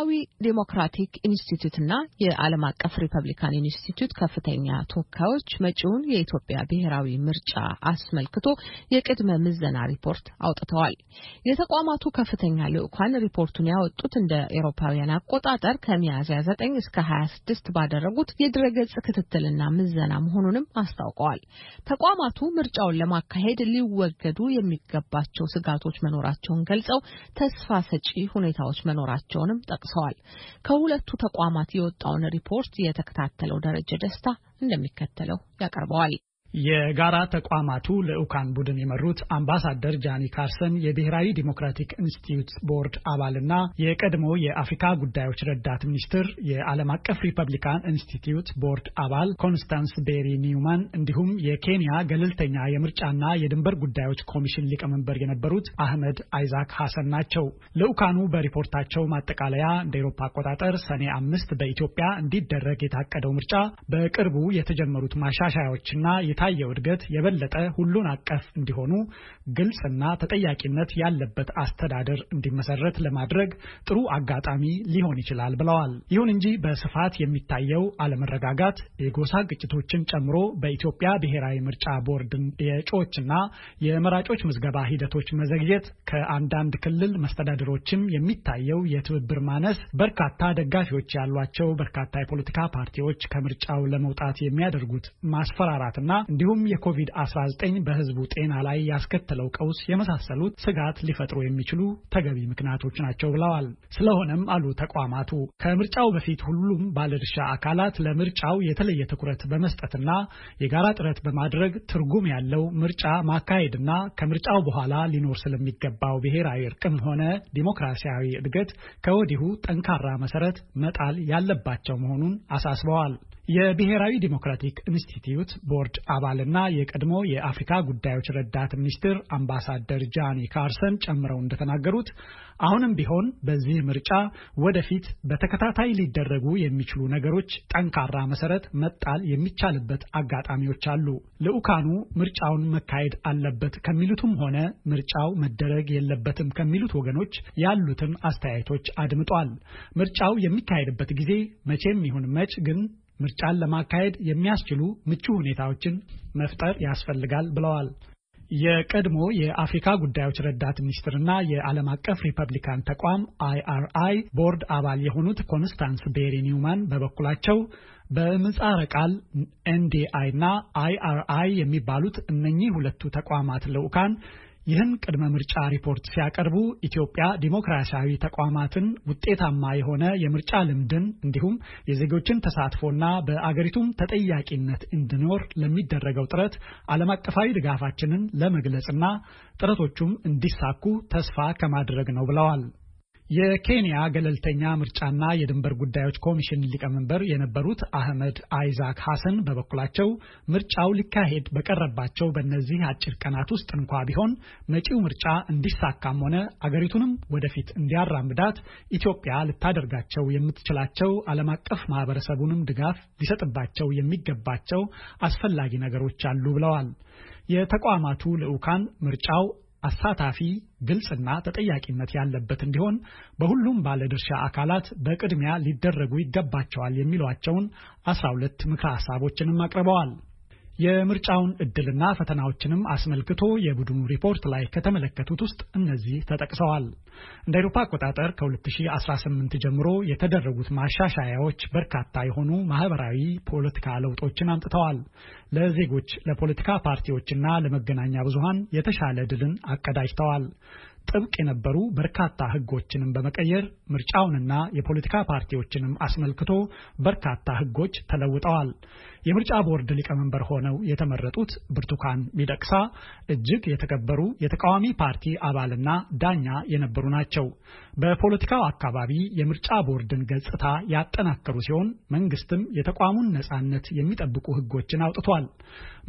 ብሔራዊ ዴሞክራቲክ ኢንስቲትዩትና የዓለም አቀፍ ሪፐብሊካን ኢንስቲትዩት ከፍተኛ ተወካዮች መጪውን የኢትዮጵያ ብሔራዊ ምርጫ አስመልክቶ የቅድመ ምዘና ሪፖርት አውጥተዋል። የተቋማቱ ከፍተኛ ልዑካን ሪፖርቱን ያወጡት እንደ ኤሮፓውያን አቆጣጠር ከሚያዝያ 9 እስከ 26 ባደረጉት የድረገጽ ክትትልና ምዘና መሆኑንም አስታውቀዋል። ተቋማቱ ምርጫውን ለማካሄድ ሊወገዱ የሚገባቸው ስጋቶች መኖራቸውን ገልጸው ተስፋ ሰጪ ሁኔታዎች መኖራቸውንም ጠቅሰዋል። ጠቅሰዋል። ከሁለቱ ተቋማት የወጣውን ሪፖርት የተከታተለው ደረጀ ደስታ እንደሚከተለው ያቀርበዋል። የጋራ ተቋማቱ ልዑካን ቡድን የመሩት አምባሳደር ጃኒ ካርሰን የብሔራዊ ዲሞክራቲክ ኢንስቲትዩት ቦርድ አባልና የቀድሞ የአፍሪካ ጉዳዮች ረዳት ሚኒስትር የዓለም አቀፍ ሪፐብሊካን ኢንስቲትዩት ቦርድ አባል ኮንስታንስ ቤሪ ኒውማን እንዲሁም የኬንያ ገለልተኛ የምርጫና የድንበር ጉዳዮች ኮሚሽን ሊቀመንበር የነበሩት አህመድ አይዛክ ሐሰን ናቸው። ልዑካኑ በሪፖርታቸው ማጠቃለያ እንደ ኤሮፓ አቆጣጠር ሰኔ አምስት በኢትዮጵያ እንዲደረግ የታቀደው ምርጫ በቅርቡ የተጀመሩት ማሻሻያዎችና የታየው እድገት የበለጠ ሁሉን አቀፍ እንዲሆኑ ግልጽና ተጠያቂነት ያለበት አስተዳደር እንዲመሰረት ለማድረግ ጥሩ አጋጣሚ ሊሆን ይችላል ብለዋል። ይሁን እንጂ በስፋት የሚታየው አለመረጋጋት የጎሳ ግጭቶችን ጨምሮ በኢትዮጵያ ብሔራዊ ምርጫ ቦርድ የእጩዎችና የመራጮች ምዝገባ ሂደቶች መዘግየት፣ ከአንዳንድ ክልል መስተዳድሮችም የሚታየው የትብብር ማነስ፣ በርካታ ደጋፊዎች ያሏቸው በርካታ የፖለቲካ ፓርቲዎች ከምርጫው ለመውጣት የሚያደርጉት ማስፈራራትና እንዲሁም የኮቪድ-19 በህዝቡ ጤና ላይ ያስከተለው ቀውስ የመሳሰሉት ስጋት ሊፈጥሩ የሚችሉ ተገቢ ምክንያቶች ናቸው ብለዋል። ስለሆነም አሉ ተቋማቱ ከምርጫው በፊት ሁሉም ባለድርሻ አካላት ለምርጫው የተለየ ትኩረት በመስጠትና የጋራ ጥረት በማድረግ ትርጉም ያለው ምርጫ ማካሄድና ከምርጫው በኋላ ሊኖር ስለሚገባው ብሔራዊ እርቅም ሆነ ዲሞክራሲያዊ እድገት ከወዲሁ ጠንካራ መሰረት መጣል ያለባቸው መሆኑን አሳስበዋል። የብሔራዊ ዲሞክራቲክ ኢንስቲትዩት ቦርድ አባልና የቀድሞ የአፍሪካ ጉዳዮች ረዳት ሚኒስትር አምባሳደር ጃኒ ካርሰን ጨምረው እንደተናገሩት አሁንም ቢሆን በዚህ ምርጫ ወደፊት በተከታታይ ሊደረጉ የሚችሉ ነገሮች ጠንካራ መሰረት መጣል የሚቻልበት አጋጣሚዎች አሉ። ልዑካኑ ምርጫውን መካሄድ አለበት ከሚሉትም ሆነ ምርጫው መደረግ የለበትም ከሚሉት ወገኖች ያሉትን አስተያየቶች አድምጧል። ምርጫው የሚካሄድበት ጊዜ መቼም ይሁን መች ግን ምርጫን ለማካሄድ የሚያስችሉ ምቹ ሁኔታዎችን መፍጠር ያስፈልጋል ብለዋል። የቀድሞ የአፍሪካ ጉዳዮች ረዳት ሚኒስትርና የዓለም አቀፍ ሪፐብሊካን ተቋም አይአርአይ ቦርድ አባል የሆኑት ኮንስታንስ ቤሪ ኒውማን በበኩላቸው በምህጻረ ቃል ኤንዲአይ እና አይአርአይ የሚባሉት እነኚህ ሁለቱ ተቋማት ልዑካን ይህን ቅድመ ምርጫ ሪፖርት ሲያቀርቡ ኢትዮጵያ ዲሞክራሲያዊ ተቋማትን፣ ውጤታማ የሆነ የምርጫ ልምድን እንዲሁም የዜጎችን ተሳትፎና በአገሪቱም ተጠያቂነት እንዲኖር ለሚደረገው ጥረት ዓለም አቀፋዊ ድጋፋችንን ለመግለጽና ጥረቶቹም እንዲሳኩ ተስፋ ከማድረግ ነው ብለዋል። የኬንያ ገለልተኛ ምርጫና የድንበር ጉዳዮች ኮሚሽን ሊቀመንበር የነበሩት አህመድ አይዛክ ሐሰን በበኩላቸው ምርጫው ሊካሄድ በቀረባቸው በእነዚህ አጭር ቀናት ውስጥ እንኳ ቢሆን መጪው ምርጫ እንዲሳካም ሆነ አገሪቱንም ወደፊት እንዲያራምዳት ኢትዮጵያ ልታደርጋቸው የምትችላቸው ዓለም አቀፍ ማህበረሰቡንም ድጋፍ ሊሰጥባቸው የሚገባቸው አስፈላጊ ነገሮች አሉ ብለዋል። የተቋማቱ ልዑካን ምርጫው አሳታፊ፣ ግልጽና ተጠያቂነት ያለበት እንዲሆን በሁሉም ባለድርሻ አካላት በቅድሚያ ሊደረጉ ይገባቸዋል የሚሏቸውን 12 ምክረ ሀሳቦችንም አቅርበዋል የምርጫውን እድልና ፈተናዎችንም አስመልክቶ የቡድኑ ሪፖርት ላይ ከተመለከቱት ውስጥ እነዚህ ተጠቅሰዋል። እንደ አውሮፓ አቆጣጠር ከ2018 ጀምሮ የተደረጉት ማሻሻያዎች በርካታ የሆኑ ማህበራዊ ፖለቲካ ለውጦችን አምጥተዋል። ለዜጎች፣ ለፖለቲካ ፓርቲዎችና ለመገናኛ ብዙሃን የተሻለ ድልን አቀዳጅተዋል። ጥብቅ የነበሩ በርካታ ህጎችንም በመቀየር ምርጫውንና የፖለቲካ ፓርቲዎችንም አስመልክቶ በርካታ ህጎች ተለውጠዋል። የምርጫ ቦርድ ሊቀመንበር ሆነው የተመረጡት ብርቱካን ሚደቅሳ እጅግ የተከበሩ የተቃዋሚ ፓርቲ አባልና ዳኛ የነበሩ ናቸው። በፖለቲካው አካባቢ የምርጫ ቦርድን ገጽታ ያጠናከሩ ሲሆን መንግስትም የተቋሙን ነጻነት የሚጠብቁ ሕጎችን አውጥቷል።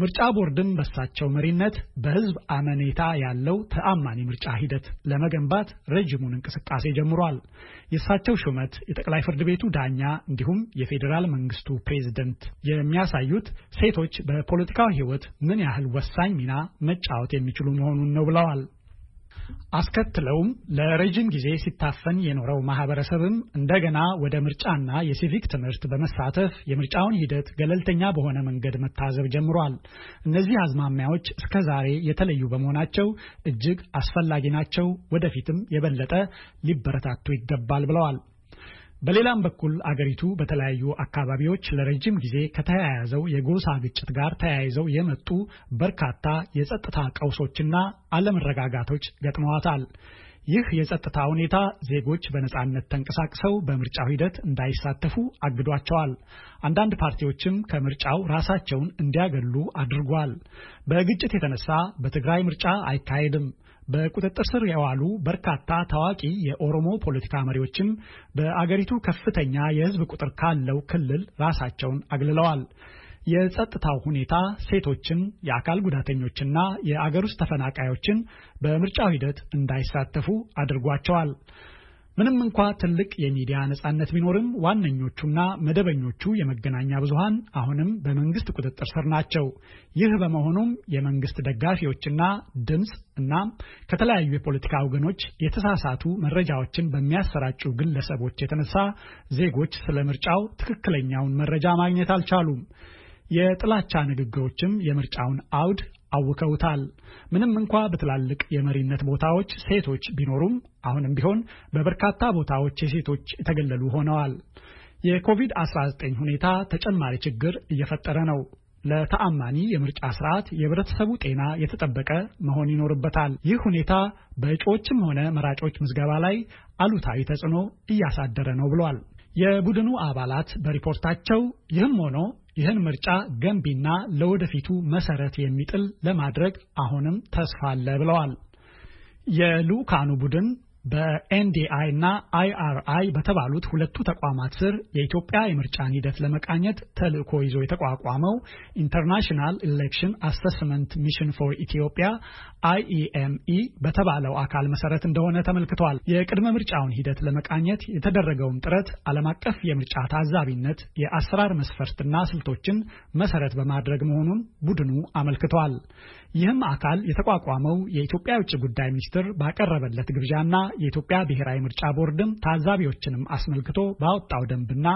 ምርጫ ቦርድም በሳቸው መሪነት በህዝብ አመኔታ ያለው ተአማኒ ምርጫ ሂደት ሂደት ለመገንባት ረጅሙን እንቅስቃሴ ጀምሯል። የእሳቸው ሹመት የጠቅላይ ፍርድ ቤቱ ዳኛ እንዲሁም የፌዴራል መንግስቱ ፕሬዝደንት የሚያሳዩት ሴቶች በፖለቲካዊ ህይወት ምን ያህል ወሳኝ ሚና መጫወት የሚችሉ መሆኑን ነው ብለዋል። አስከትለውም ለረጅም ጊዜ ሲታፈን የኖረው ማህበረሰብም እንደገና ወደ ምርጫና የሲቪክ ትምህርት በመሳተፍ የምርጫውን ሂደት ገለልተኛ በሆነ መንገድ መታዘብ ጀምሯል። እነዚህ አዝማሚያዎች እስከ ዛሬ የተለዩ በመሆናቸው እጅግ አስፈላጊ ናቸው፣ ወደፊትም የበለጠ ሊበረታቱ ይገባል ብለዋል። በሌላም በኩል አገሪቱ በተለያዩ አካባቢዎች ለረጅም ጊዜ ከተያያዘው የጎሳ ግጭት ጋር ተያይዘው የመጡ በርካታ የጸጥታ ቀውሶችና አለመረጋጋቶች ገጥመዋታል። ይህ የጸጥታ ሁኔታ ዜጎች በነፃነት ተንቀሳቅሰው በምርጫው ሂደት እንዳይሳተፉ አግዷቸዋል። አንዳንድ ፓርቲዎችም ከምርጫው ራሳቸውን እንዲያገሉ አድርጓል። በግጭት የተነሳ በትግራይ ምርጫ አይካሄድም በቁጥጥር ስር የዋሉ በርካታ ታዋቂ የኦሮሞ ፖለቲካ መሪዎችም በአገሪቱ ከፍተኛ የሕዝብ ቁጥር ካለው ክልል ራሳቸውን አግልለዋል። የጸጥታው ሁኔታ ሴቶችን፣ የአካል ጉዳተኞችና የአገር ውስጥ ተፈናቃዮችን በምርጫው ሂደት እንዳይሳተፉ አድርጓቸዋል። ምንም እንኳ ትልቅ የሚዲያ ነጻነት ቢኖርም ዋነኞቹና መደበኞቹ የመገናኛ ብዙሃን አሁንም በመንግስት ቁጥጥር ስር ናቸው። ይህ በመሆኑም የመንግስት ደጋፊዎችና ድምፅ እና ከተለያዩ የፖለቲካ ወገኖች የተሳሳቱ መረጃዎችን በሚያሰራጩ ግለሰቦች የተነሳ ዜጎች ስለ ምርጫው ትክክለኛውን መረጃ ማግኘት አልቻሉም። የጥላቻ ንግግሮችም የምርጫውን አውድ አውከውታል። ምንም እንኳ በትላልቅ የመሪነት ቦታዎች ሴቶች ቢኖሩም አሁንም ቢሆን በበርካታ ቦታዎች የሴቶች የተገለሉ ሆነዋል። የኮቪድ-19 ሁኔታ ተጨማሪ ችግር እየፈጠረ ነው። ለተአማኒ የምርጫ ስርዓት የህብረተሰቡ ጤና የተጠበቀ መሆን ይኖርበታል። ይህ ሁኔታ በእጩዎችም ሆነ መራጮች ምዝገባ ላይ አሉታዊ ተጽዕኖ እያሳደረ ነው ብሏል። የቡድኑ አባላት በሪፖርታቸው ይህም ሆኖ ይህን ምርጫ ገንቢና ለወደፊቱ መሰረት የሚጥል ለማድረግ አሁንም ተስፋ አለ ብለዋል። የልዑካኑ ቡድን በኤንዲአይ እና አይአርአይ በተባሉት ሁለቱ ተቋማት ስር የኢትዮጵያ የምርጫን ሂደት ለመቃኘት ተልዕኮ ይዞ የተቋቋመው ኢንተርናሽናል ኢሌክሽን አሰስመንት ሚሽን ፎር ኢትዮጵያ አይኢኤምኢ በተባለው አካል መሰረት እንደሆነ ተመልክቷል። የቅድመ ምርጫውን ሂደት ለመቃኘት የተደረገውም ጥረት ዓለም አቀፍ የምርጫ ታዛቢነት የአሰራር መስፈርትና ስልቶችን መሰረት በማድረግ መሆኑን ቡድኑ አመልክቷል። ይህም አካል የተቋቋመው የኢትዮጵያ የውጭ ጉዳይ ሚኒስትር ባቀረበለት ግብዣና የኢትዮጵያ ብሔራዊ ምርጫ ቦርድም ታዛቢዎችንም አስመልክቶ ባወጣው ደንብና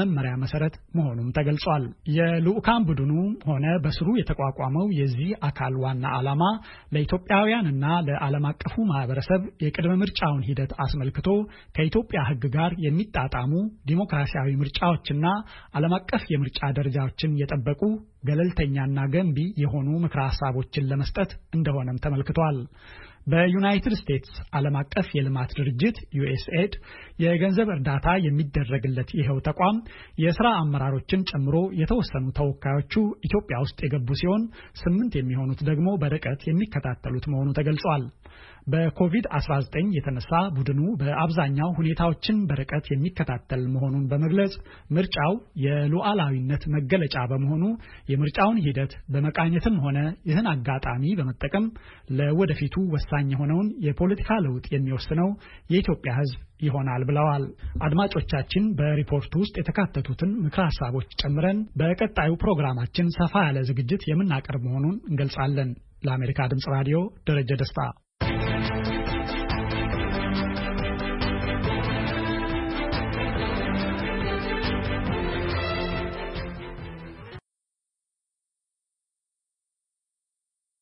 መመሪያ መሰረት መሆኑም ተገልጿል። የልዑካን ቡድኑ ሆነ በስሩ የተቋቋመው የዚህ አካል ዋና ዓላማ ለኢትዮጵያውያንና ለዓለም አቀፉ ማህበረሰብ የቅድመ ምርጫውን ሂደት አስመልክቶ ከኢትዮጵያ ሕግ ጋር የሚጣጣሙ ዲሞክራሲያዊ ምርጫዎችና ዓለም አቀፍ የምርጫ ደረጃዎችን የጠበቁ ገለልተኛና ገንቢ የሆኑ ምክረ ሀሳቦችን ለመስጠት እንደሆነም ተመልክቷል። በዩናይትድ ስቴትስ ዓለም አቀፍ የልማት ድርጅት ዩኤስኤድ የገንዘብ እርዳታ የሚደረግለት ይኸው ተቋም የስራ አመራሮችን ጨምሮ የተወሰኑ ተወካዮቹ ኢትዮጵያ ውስጥ የገቡ ሲሆን ስምንት የሚሆኑት ደግሞ በርቀት የሚከታተሉት መሆኑ ተገልጿል። በኮቪድ-19 የተነሳ ቡድኑ በአብዛኛው ሁኔታዎችን በርቀት የሚከታተል መሆኑን በመግለጽ ምርጫው የሉዓላዊነት መገለጫ በመሆኑ የምርጫውን ሂደት በመቃኘትም ሆነ ይህን አጋጣሚ በመጠቀም ለወደፊቱ ወሳ ወሳኝ የሆነውን የፖለቲካ ለውጥ የሚወስነው የኢትዮጵያ ሕዝብ ይሆናል ብለዋል። አድማጮቻችን በሪፖርቱ ውስጥ የተካተቱትን ምክረ ሀሳቦች ጨምረን በቀጣዩ ፕሮግራማችን ሰፋ ያለ ዝግጅት የምናቀርብ መሆኑን እንገልጻለን። ለአሜሪካ ድምፅ ራዲዮ ደረጀ ደስታ